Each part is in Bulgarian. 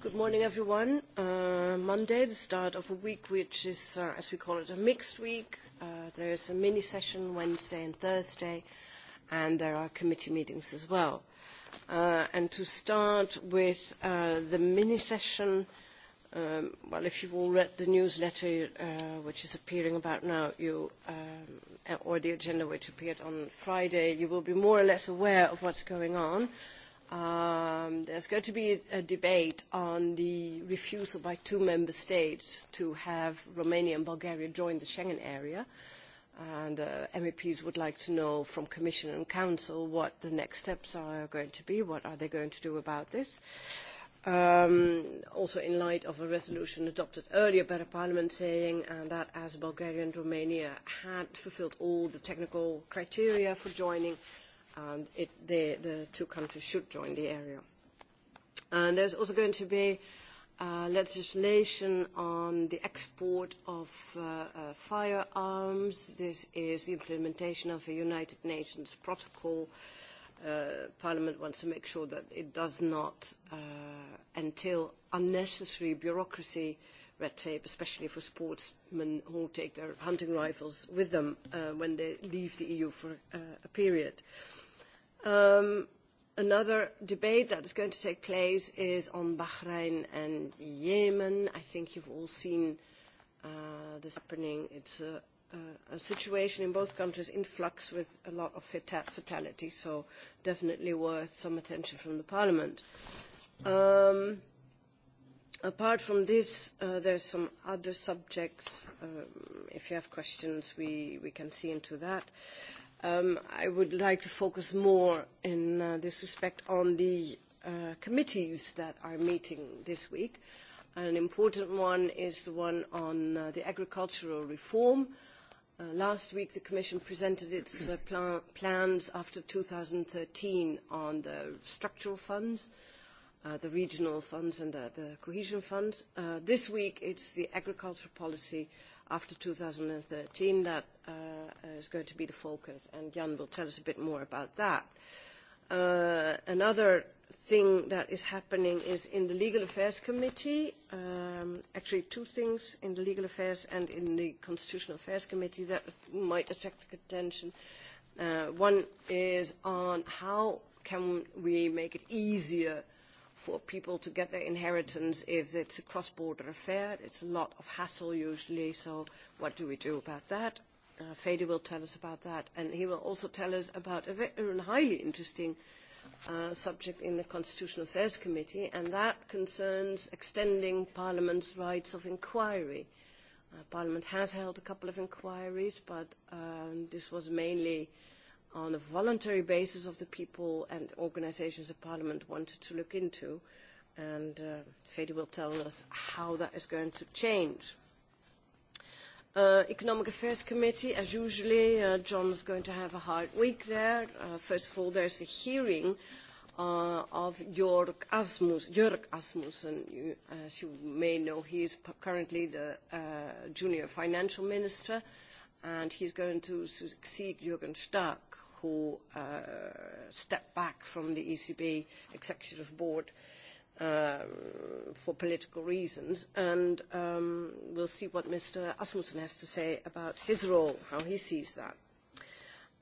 Good morning, everyone. Uh, Monday, the start of a week which is, uh, as we call it, a mixed week. Uh, there is a mini session Wednesday and Thursday, and there are committee meetings as well. Uh, and to start with uh, the mini session, um, well, if you've all read the newsletter uh, which is appearing about now, you, um, or the agenda which appeared on Friday, you will be more or less aware of what's going on. Um, There's going to be a debate on the refusal by two member states to have Romania and Bulgaria join the Schengen area. And MEPs would like to know from Commission and Council what the next steps are going to be, what are they going to do about this. also in light of a resolution adopted earlier by Parliament saying that as Bulgaria and Romania had fulfilled all the technical criteria for joining, and it, the two countries should join the area. And there's also going to be uh, legislation on the export of uh, uh, firearms. This is the implementation of a United Nations protocol. Uh, Parliament wants to make sure that it does not uh, entail unnecessary bureaucracy, red tape, especially for sportsmen who take their hunting rifles with them uh, when they leave the EU for uh, a period. Um, Another debate that is going to take place is on Bahrain and Yemen. I think you've all seen uh, this happening. It's a, a, a situation in both countries in flux with a lot of fatality, so definitely worth some attention from the Parliament. Um, apart from this, uh, there's some other subjects. Um, if you have questions, we, we can see into that. Uh, I would like to focus more in this respect on the committees that are meeting this week. An important one is the one on the agricultural reform. last week, the Commission presented its plans after thirteen on the structural funds, the regional funds and the, cohesion funds. this week, it is the agricultural policy uh, after 2013 that uh, is going to be the focus, and Jan will tell us a bit more about that. Uh, another thing that is happening is in the Legal Affairs Committee, um, actually two things in the Legal Affairs and in the Constitutional Affairs Committee that might attract attention. Uh, one is on how can we make it easier uh, for people to get their inheritance if it's a cross-border affair. It's a lot of hassle usually, so what do we do about that? Uh, Fede will tell us about that, and he will also tell us about a very highly interesting uh, subject in the Constitutional Affairs Committee, and that concerns extending Parliament's rights of inquiry. Uh, Parliament has held a couple of inquiries, but um, this was mainly uh, on a voluntary basis of the people and organisations of parliament wanted to look into. And uh, Fede will tell us how that is going to change. Uh, Economic Affairs Committee, as usually, uh, John is going to have a hard week there. Uh, first of all, there's a hearing uh, of Jörg, Asmus, Jörg Asmussen. You, as you may know, he is currently the uh, junior financial minister, and he's going to succeed Jürgen Stark who uh, stepped back from the ECB executive board for political reasons, and um, we'll see what Mr. Asmussen has to say about his role, how he sees that.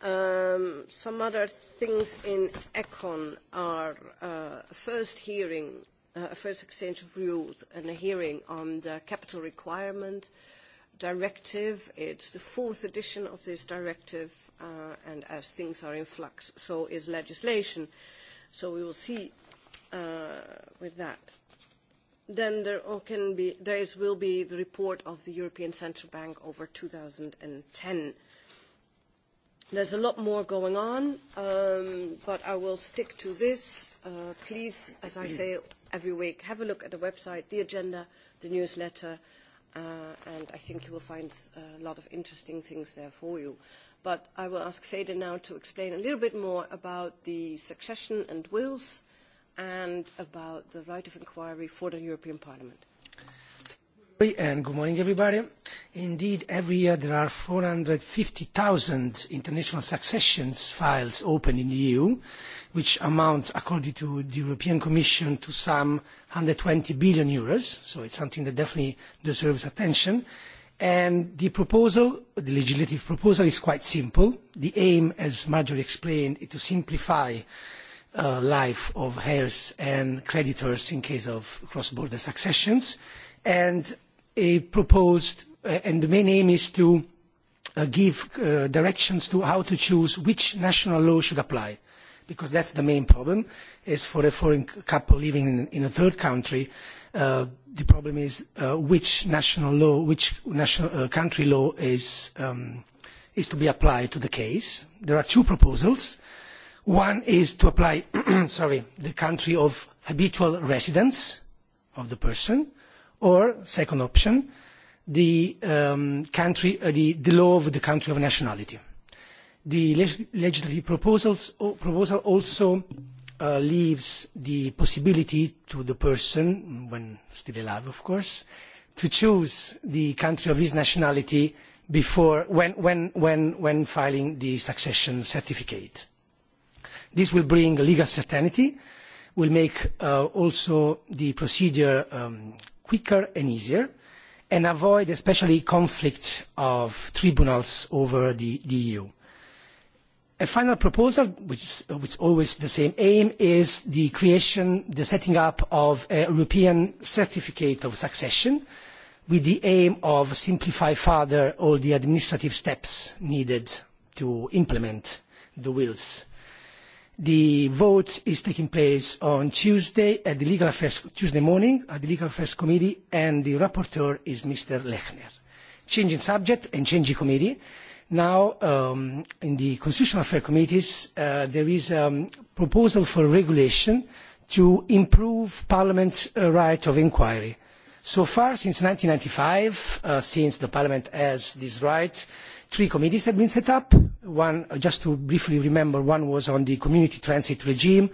Um, some other things in ECON are uh, a first hearing, uh, a first exchange of rules, and a hearing on the capital requirement directive. It's the fourth edition of this directive and as things are in flux, so is legislation. So we will see with that. Then there can be there is will be the report of the European Central Bank over 2010. There's a lot more going on, but I will stick to this. please, as I say every week, have a look at the website, the agenda, the newsletter, and I think you will find a lot of interesting things there for you but I will ask Fede now to explain a little bit more about the succession and wills and about the right of inquiry for the European Parliament. And good morning, everybody. Indeed, every year there are four hundred 450,000 international successions files open in the EU, which amount, according to the European Commission, to some EUR one hundred twenty billion euros. So it's something that definitely deserves attention And the proposal, the legislative proposal, is quite simple. The aim, as Marjorie explained, is to simplify the life of heirs and creditors in case of cross-border successions. And a proposed, and the main aim is to give directions to how to choose which national law should apply because that's the main problem, is for a foreign couple living in, in a third country, uh, the problem is uh, which national law, which national uh, country law is, um, is to be applied to the case. There are two proposals. One is to apply, sorry, the country of habitual residence of the person, or second option, the um, country, uh, the, the law of the country of nationality The legislative proposals, proposal also leaves the possibility to the person, when still alive of course, to choose the country of his nationality before, when, when, when, when filing the succession certificate. This will bring legal certainty, will make also the procedure quicker and easier, and avoid especially conflict of tribunals over the EU A final proposal, which is which always the same aim, is the creation, the setting up of a European certificate of succession with the aim of simplifying further all the administrative steps needed to implement the wills. The vote is taking place on Tuesday at the Legal Affairs, Tuesday morning at the Legal Affairs Committee and the rapporteur is Mr. Lechner. Changing subject and changing committee, Now, um, in the Constitutional Affairs Committees, uh, there is a proposal for regulation to improve Parliament's uh, right of inquiry. So far, since 1995, uh, since the Parliament has this right, three committees have been set up. One, just to briefly remember, one was on the community transit regime,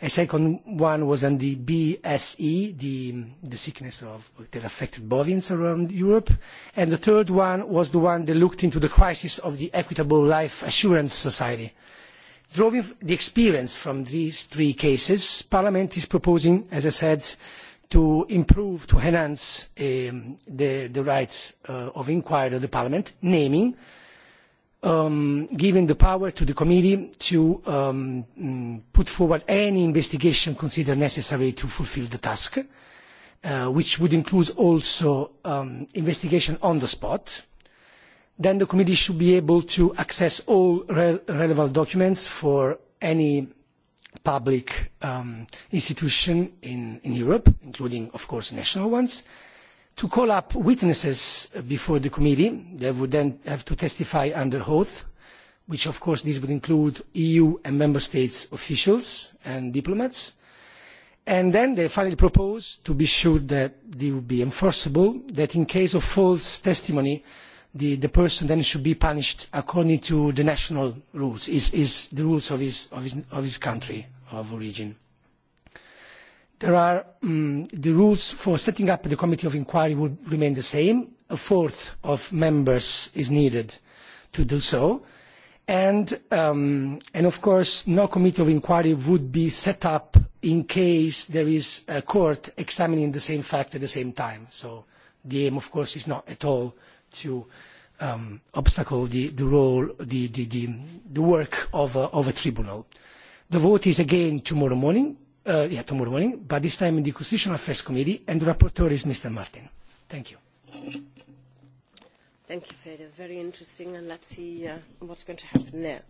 A second one was on the BSE, the, the sickness of, that affected bovines around Europe. And the third one was the one that looked into the crisis of the Equitable Life Assurance Society. Drawing the experience from these three cases, Parliament is proposing, as I said, to improve, to enhance the, the rights of inquiry of the Parliament, naming giving the power to the committee to put forward any investigation considered necessary to fulfil the task, which would include also investigation on the spot. Then the committee should be able to access all relevant documents for any public institution in, Europe, including, of course, national ones, to call up witnesses before the committee they would then have to testify under oath, which of course this would include EU and member states officials and diplomats. And then they finally propose to be sure that they will be enforceable, that in case of false testimony, the, the person then should be punished according to the national rules, is, is the rules of his, of his, of his country of origin there are the rules for setting up the committee of inquiry will remain the same. A fourth of members is needed to do so. And, of course, no committee of inquiry would be set up in case there is a court examining the same fact at the same time. So the aim, of course, is not at all to obstacle the, the role, the, the, the, the work of a, of a tribunal. The vote is again tomorrow morning uh, yeah, tomorrow morning, but this time in the Constitutional Affairs Committee, and the rapporteur is Mr. Martin. Thank you. Thank you, Fede. Very interesting, and let's see uh, what's going to happen there.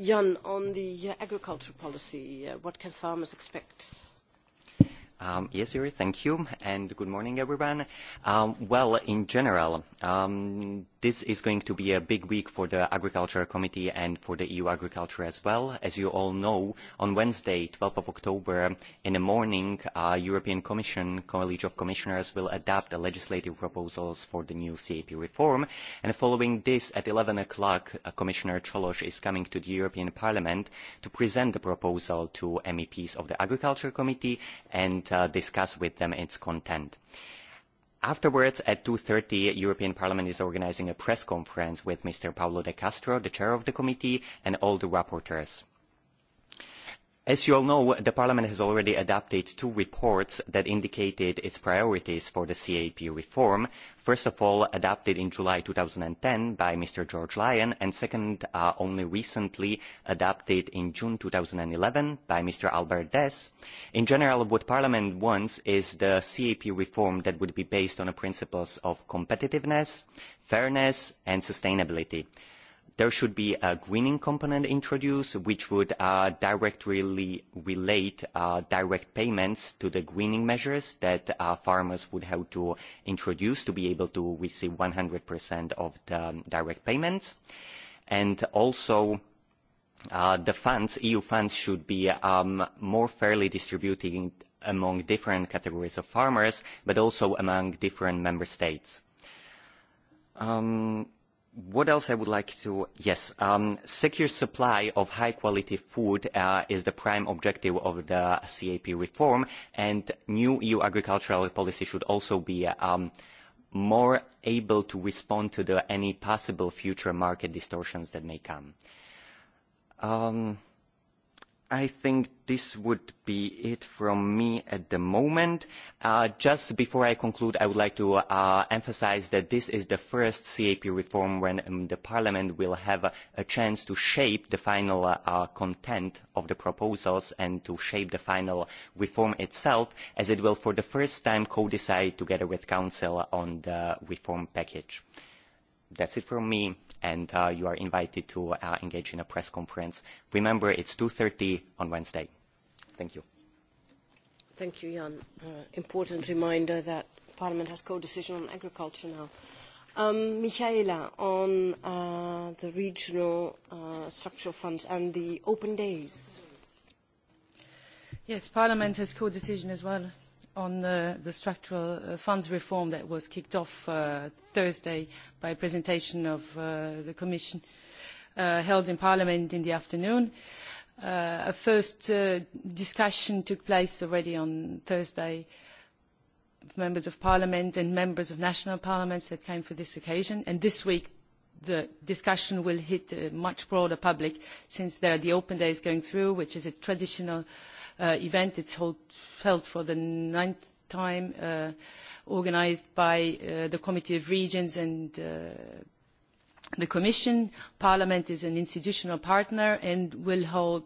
Jan, on the uh, agriculture policy, uh, what can farmers expect? Um, yes, Yuri, thank you, and good morning, everyone. Um, well, in general, um, this is going to be a big week for the Agriculture Committee and for the EU Agriculture as well. As you all know, on Wednesday, 12th of October, in the morning, uh, European Commission College of Commissioners will adapt the legislative proposals for the new CAP reform. And following this, at 11 o'clock, uh, Commissioner Cholos is coming to the European Parliament to present the proposal to MEPs of the Agriculture Committee and and discuss with them its content. Afterwards, at two thirty the European Parliament is organising a press conference with Mr. Paolo De Castro, the chair of the committee, and all the rapporteurs As you all know, Parliament has already adopted two reports that indicated its priorities for the CAP reform. First of all, adopted in July ten by Mr. George Lyon, and second, only recently adopted in June eleven by Mr. Albert Dess. In general, what Parliament wants is the CAP reform that would be based on the principles of competitiveness, fairness, and sustainability there should be a greening component introduced, which would directly relate direct payments to the greening measures that farmers would have to introduce to be able to receive one 100% of the direct payments. And also, the funds, EU funds, should be more fairly distributed among different categories of farmers, but also among different member states. Um, what else I would like to, yes, um, secure supply of high quality food uh, is the prime objective of the CAP reform and new EU agricultural policy should also be um, more able to respond to the, any possible future market distortions that may come. Um, I think this would be it from me at the moment. just before I conclude, I would like to emphasise that this is the first CAP reform when the Parliament will have a, chance to shape the final content of the proposals and to shape the final reform itself, as it will for the first time co-decide together with Council on the reform package. That's it from me, and uh, you are invited to uh, engage in a press conference. Remember, it's 2.30 on Wednesday. Thank you. Thank you, Jan. Uh, important reminder that Parliament has co-decision on agriculture now. Um, Michaela, on uh, the regional uh, structural funds and the open days. Yes, Parliament has co-decision as well on the structural funds reform that was kicked off Thursday by a presentation of the Commission held in Parliament in the afternoon. a first discussion took place already on Thursday with members of Parliament and members of national parliaments that came for this occasion. And this week the discussion will hit a much broader public since there are the open days going through, which is a traditional uh, event. It's hold, held for the ninth time, uh, organized by uh, the Committee of Regions and uh, the Commission. Parliament is an institutional partner and will hold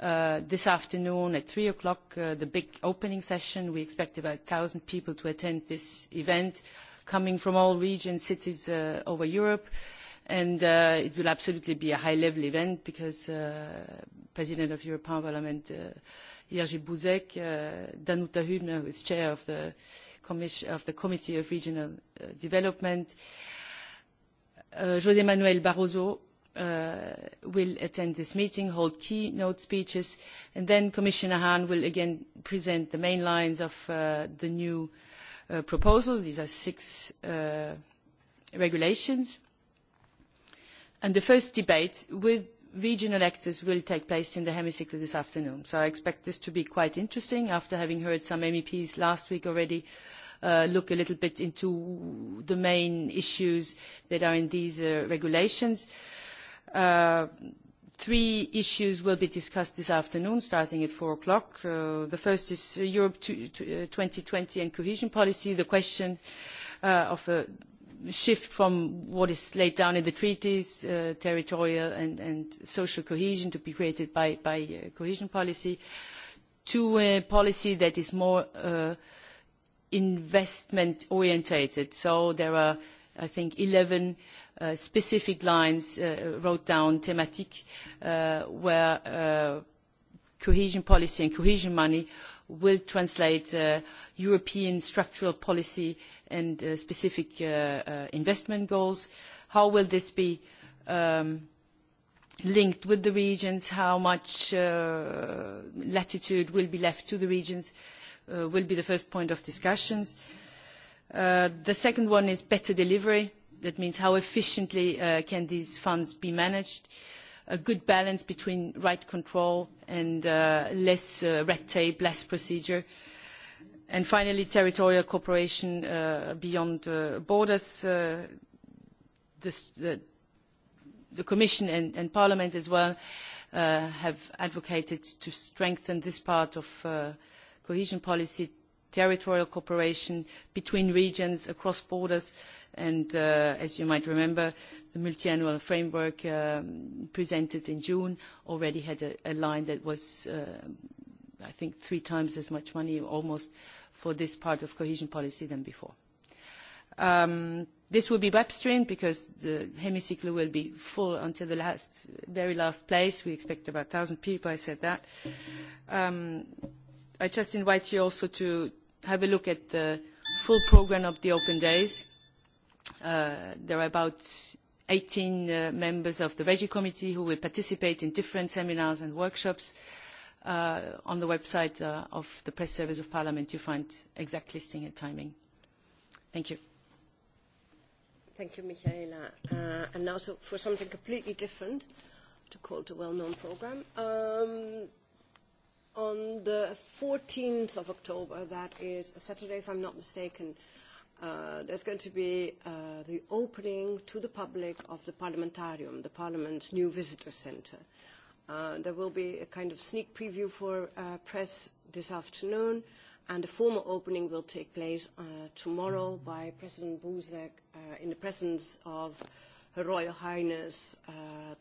this afternoon at three o'clock the big opening session. We expect about 1,000 people to attend this event coming from all regions, cities over Europe. Uh, And uh, it will absolutely be a high-level event because uh, President of European Parliament, uh, Jerzy Buzek, uh, Danuta Hübner, who is chair of the, commission, of the Committee of Regional uh, Development, uh, José Manuel Barroso, will attend this meeting, hold keynote speeches, and then Commissioner Hahn will again present the main lines of the new proposal. These are six regulations and the first debate with regional actors will take place in the hemicycle this afternoon. So I expect this to be quite interesting after having heard some MEPs last week already look a little bit into the main issues that are in these regulations. Three issues will be discussed this afternoon, starting at four o'clock. The first is Europe 2020 and cohesion policy, the question of a shift from what is laid down in the treaties, territorial and, social cohesion to be created by, by cohesion policy, to a policy that is more investment orientated. So there are, I think, eleven specific lines wrote down, thematic, where cohesion policy and cohesion money will translate European structural policy uh, and specific investment goals? How will this be linked with the regions? How much latitude will be left to the regions will be the first point of discussions. The second one is better delivery. That means how efficiently can these funds be managed? A good balance between right control and less red tape, less procedure. Uh, and finally, territorial cooperation beyond borders. the, Commission and, Parliament as well have advocated to strengthen this part of cohesion policy, territorial cooperation between regions, across borders, and as you might remember, the multiannual framework presented in June already had a, line that was I think, three times as much money almost for this part of cohesion policy than before. this will be web streamed because the hemicycle will be full until the last, very last place. We expect about 1,000 people, I said that. I just invite you also to have a look at the full programme of the open days. there are about eighteen members of the Regi Committee who will participate in different seminars and workshops. Uh, on the website of the press service of parliament you find exact listing and timing thank you thank you michaela uh, and now so for something completely different to quote a well-known program um, on the 14th of october that is a saturday if i'm not mistaken uh, there's going to be uh, the opening to the public of the Parliamentarium, the Parliament's new visitor centre there will be a kind of sneak preview for uh, press this afternoon, and the formal opening will take place uh, tomorrow by President Buzek uh, in the presence of Her Royal Highness uh,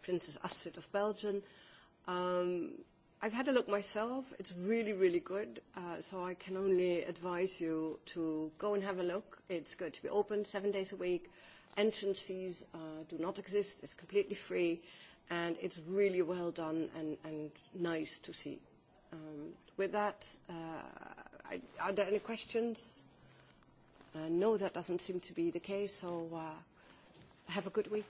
Princess Astrid of Belgium. Um, I've had a look myself. It's really, really good. Uh, so I can only advise you to go and have a look. It's going to be open seven days a week. Entrance fees uh, do not exist. It's completely free and it's really well done and, and nice to see. Um, with that, uh, I, are there any questions? Uh, no, that doesn't seem to be the case, so uh, have a good week.